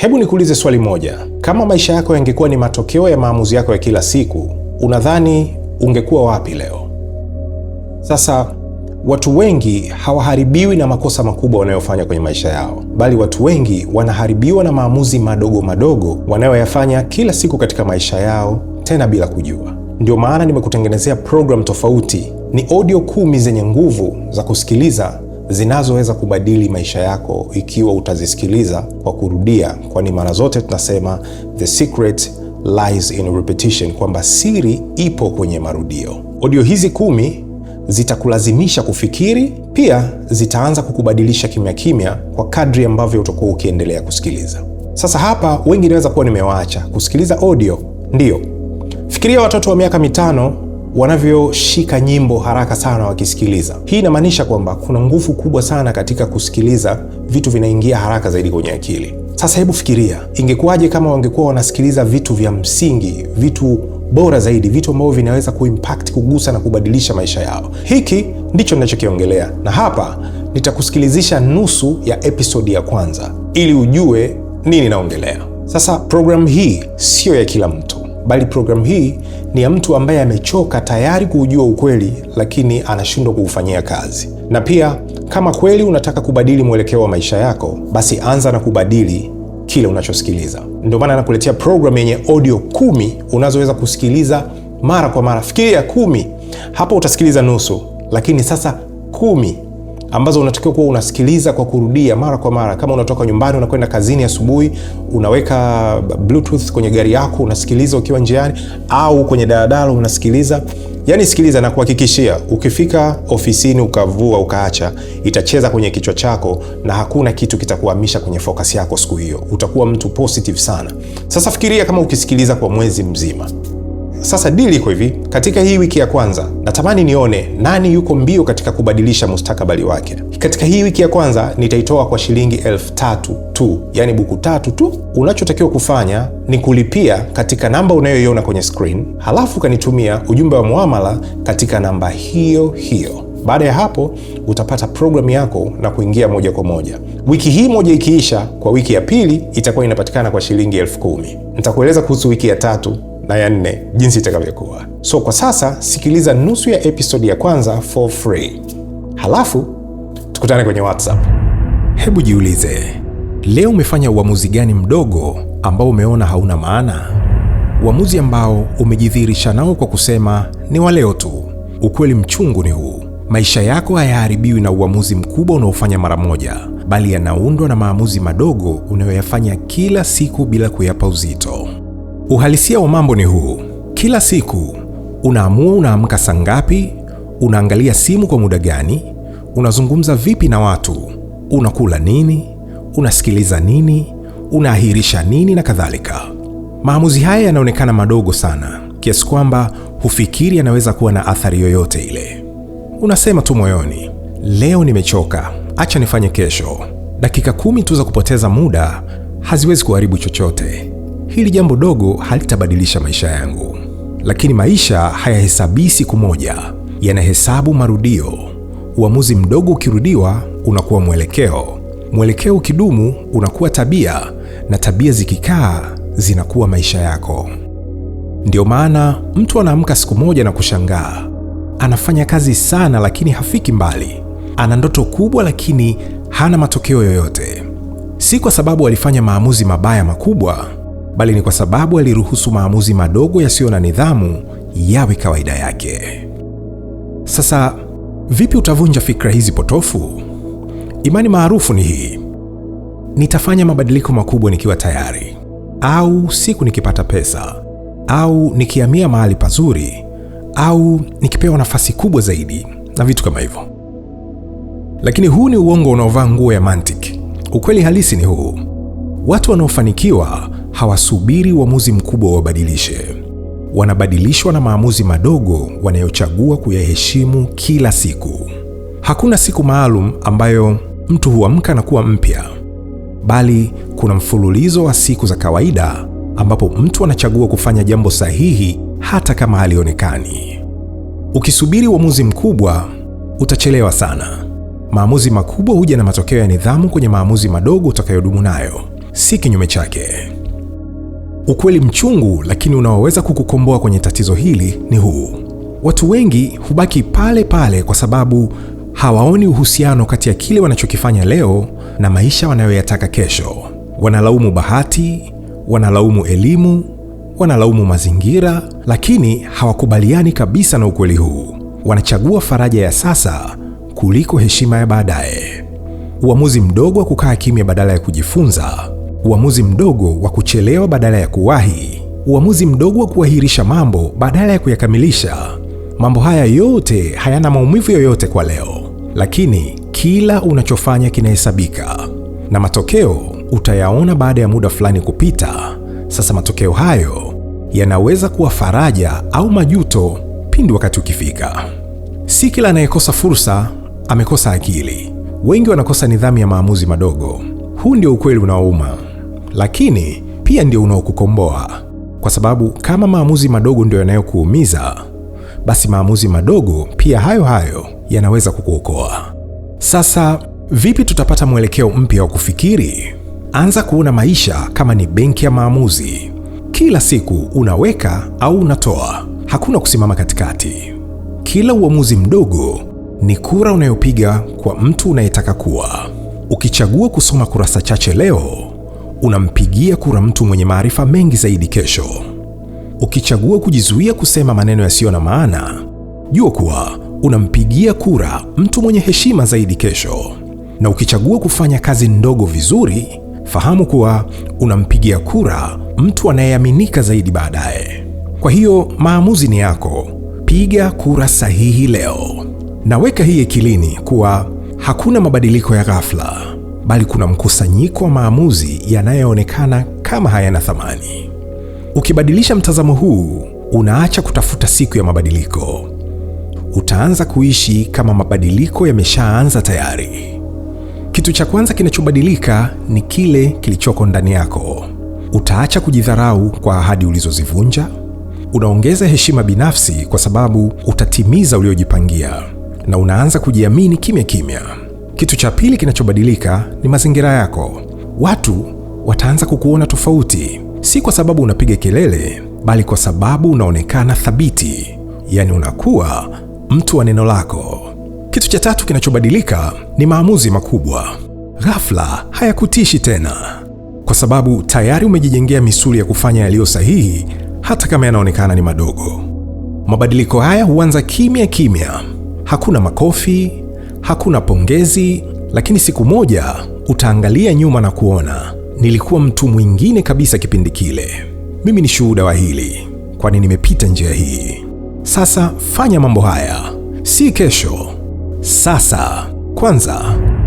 Hebu nikuulize swali moja, kama maisha yako yangekuwa ni matokeo ya maamuzi yako ya kila siku, unadhani ungekuwa wapi leo? Sasa watu wengi hawaharibiwi na makosa makubwa wanayofanya kwenye maisha yao, bali watu wengi wanaharibiwa na maamuzi madogo madogo wanayoyafanya kila siku katika maisha yao, tena bila kujua. Ndio maana nimekutengenezea program tofauti, ni audio kumi zenye nguvu za kusikiliza zinazoweza kubadili maisha yako ikiwa utazisikiliza kwa kurudia, kwani mara zote tunasema the secret lies in repetition, kwamba siri ipo kwenye marudio. Audio hizi kumi zitakulazimisha kufikiri, pia zitaanza kukubadilisha kimya kimya kwa kadri ambavyo utakuwa ukiendelea kusikiliza. Sasa hapa wengi inaweza kuwa nimewaacha kusikiliza audio. Ndiyo, fikiria watoto wa miaka mitano wanavyoshika nyimbo haraka sana wakisikiliza. Hii inamaanisha kwamba kuna nguvu kubwa sana katika kusikiliza, vitu vinaingia haraka zaidi kwenye akili. Sasa hebu fikiria, ingekuwaje kama wangekuwa wanasikiliza vitu vya msingi, vitu bora zaidi, vitu ambavyo vinaweza kuimpact, kugusa na kubadilisha maisha yao. Hiki ndicho ninachokiongelea, na hapa nitakusikilizisha nusu ya episodi ya kwanza ili ujue nini naongelea. Sasa programu hii siyo ya kila mtu bali programu hii ni ya mtu ambaye amechoka tayari kuujua ukweli, lakini anashindwa kuufanyia kazi. Na pia kama kweli unataka kubadili mwelekeo wa maisha yako, basi anza na kubadili kile unachosikiliza. Ndio maana nakuletea programu yenye audio kumi unazoweza kusikiliza mara kwa mara. Fikiria kumi, hapo utasikiliza nusu, lakini sasa kumi ambazo unatakiwa kuwa unasikiliza kwa kurudia mara kwa mara. Kama unatoka nyumbani unakwenda kazini asubuhi, unaweka bluetooth kwenye gari yako unasikiliza ukiwa njiani, au kwenye daladala unasikiliza. Yani sikiliza na kuhakikishia, ukifika ofisini ukavua ukaacha, itacheza kwenye kichwa chako na hakuna kitu kitakuhamisha kwenye focus yako siku hiyo. Utakuwa mtu positive sana. Sasa fikiria kama ukisikiliza kwa mwezi mzima sasa dili iko hivi, katika hii wiki ya kwanza natamani nione nani yuko mbio katika kubadilisha mustakabali wake. Katika hii wiki ya kwanza nitaitoa kwa shilingi elfu tatu tu, yani buku tatu tu. Unachotakiwa kufanya ni kulipia katika namba unayoiona kwenye screen, halafu ukanitumia ujumbe wa muamala katika namba hiyo hiyo. Baada ya hapo utapata programu yako na kuingia moja kwa moja. Wiki hii moja ikiisha, kwa wiki ya pili itakuwa inapatikana kwa shilingi elfu kumi. Nitakueleza kuhusu wiki ya tatu na ya nne jinsi itakavyokuwa. So kwa sasa sikiliza nusu ya episodi ya kwanza for free, halafu tukutane kwenye WhatsApp. Hebu jiulize leo umefanya uamuzi gani mdogo ambao umeona hauna maana, uamuzi ambao umejidhihirisha nao kwa kusema ni wa leo tu. Ukweli mchungu ni huu: maisha yako hayaharibiwi na uamuzi mkubwa unaofanya mara moja, bali yanaundwa na maamuzi madogo unayoyafanya kila siku bila kuyapa uzito. Uhalisia wa mambo ni huu: kila siku unaamua unaamka saa ngapi, unaangalia simu kwa muda gani, unazungumza vipi na watu, unakula nini, unasikiliza nini, unaahirisha nini na kadhalika. Maamuzi haya yanaonekana madogo sana kiasi kwamba hufikiri yanaweza kuwa na athari yoyote ile. Unasema tu moyoni, leo nimechoka, acha nifanye kesho. Dakika kumi tu za kupoteza muda haziwezi kuharibu chochote hili jambo dogo halitabadilisha maisha yangu. Lakini maisha hayahesabii siku moja, yanahesabu marudio. Uamuzi mdogo ukirudiwa unakuwa mwelekeo, mwelekeo ukidumu unakuwa tabia, na tabia zikikaa zinakuwa maisha yako. Ndiyo maana mtu anaamka siku moja na kushangaa, anafanya kazi sana lakini hafiki mbali, ana ndoto kubwa lakini hana matokeo yoyote, si kwa sababu alifanya maamuzi mabaya makubwa bali ni kwa sababu aliruhusu maamuzi madogo yasiyo na nidhamu yawe kawaida yake. Sasa vipi utavunja fikra hizi potofu? Imani maarufu ni hii: nitafanya mabadiliko makubwa nikiwa tayari, au siku nikipata pesa, au nikihamia mahali pazuri, au nikipewa nafasi kubwa zaidi, na vitu kama hivyo. Lakini huu ni uongo unaovaa nguo ya mantiki. Ukweli halisi ni huu: watu wanaofanikiwa hawasubiri uamuzi mkubwa wabadilishe. Wanabadilishwa na maamuzi madogo wanayochagua kuyaheshimu kila siku. Hakuna siku maalum ambayo mtu huamka na kuwa mpya, bali kuna mfululizo wa siku za kawaida ambapo mtu anachagua kufanya jambo sahihi hata kama halionekani. Ukisubiri uamuzi mkubwa, utachelewa sana. Maamuzi makubwa huja na matokeo ya nidhamu kwenye maamuzi madogo utakayodumu nayo, si kinyume chake. Ukweli mchungu lakini unaoweza kukukomboa kwenye tatizo hili ni huu: watu wengi hubaki pale pale kwa sababu hawaoni uhusiano kati ya kile wanachokifanya leo na maisha wanayoyataka kesho. Wanalaumu bahati, wanalaumu elimu, wanalaumu mazingira, lakini hawakubaliani kabisa na ukweli huu. Wanachagua faraja ya sasa kuliko heshima ya baadaye, uamuzi mdogo wa kukaa kimya badala ya kujifunza uamuzi mdogo wa kuchelewa badala ya kuwahi, uamuzi mdogo wa kuahirisha mambo badala ya kuyakamilisha. Mambo haya yote hayana maumivu yoyote kwa leo, lakini kila unachofanya kinahesabika na matokeo utayaona baada ya muda fulani kupita. Sasa matokeo hayo yanaweza kuwa faraja au majuto pindi wakati ukifika. Si kila anayekosa fursa amekosa akili. Wengi wanakosa nidhamu ya maamuzi madogo. Huu ndio ukweli unaouma lakini pia ndio unaokukomboa, kwa sababu kama maamuzi madogo ndio yanayokuumiza, basi maamuzi madogo pia hayo hayo yanaweza kukuokoa. Sasa vipi tutapata mwelekeo mpya wa kufikiri? Anza kuona maisha kama ni benki ya maamuzi. Kila siku unaweka au unatoa, hakuna kusimama katikati. Kila uamuzi mdogo ni kura unayopiga kwa mtu unayetaka kuwa. Ukichagua kusoma kurasa chache leo unampigia kura mtu mwenye maarifa mengi zaidi kesho. Ukichagua kujizuia kusema maneno yasiyo na maana, jua kuwa unampigia kura mtu mwenye heshima zaidi kesho. Na ukichagua kufanya kazi ndogo vizuri, fahamu kuwa unampigia kura mtu anayeaminika zaidi baadaye. Kwa hiyo maamuzi ni yako, piga kura sahihi leo, naweka hii akilini kuwa hakuna mabadiliko ya ghafla bali kuna mkusanyiko wa maamuzi yanayoonekana kama hayana thamani. Ukibadilisha mtazamo huu, unaacha kutafuta siku ya mabadiliko, utaanza kuishi kama mabadiliko yameshaanza tayari. Kitu cha kwanza kinachobadilika ni kile kilichoko ndani yako. Utaacha kujidharau kwa ahadi ulizozivunja. Unaongeza heshima binafsi kwa sababu utatimiza uliojipangia, na unaanza kujiamini kimya kimya. Kitu cha pili kinachobadilika ni mazingira yako. Watu wataanza kukuona tofauti, si kwa sababu unapiga kelele, bali kwa sababu unaonekana thabiti, yaani unakuwa mtu wa neno lako. Kitu cha tatu kinachobadilika ni maamuzi makubwa. Ghafla hayakutishi tena, kwa sababu tayari umejijengea misuli ya kufanya yaliyo sahihi, hata kama yanaonekana ni madogo. Mabadiliko haya huanza kimya kimya, hakuna makofi hakuna pongezi, lakini siku moja utaangalia nyuma na kuona nilikuwa mtu mwingine kabisa kipindi kile. Mimi ni shuhuda wa hili, kwani nimepita njia hii. Sasa fanya mambo haya, si kesho, sasa. Kwanza,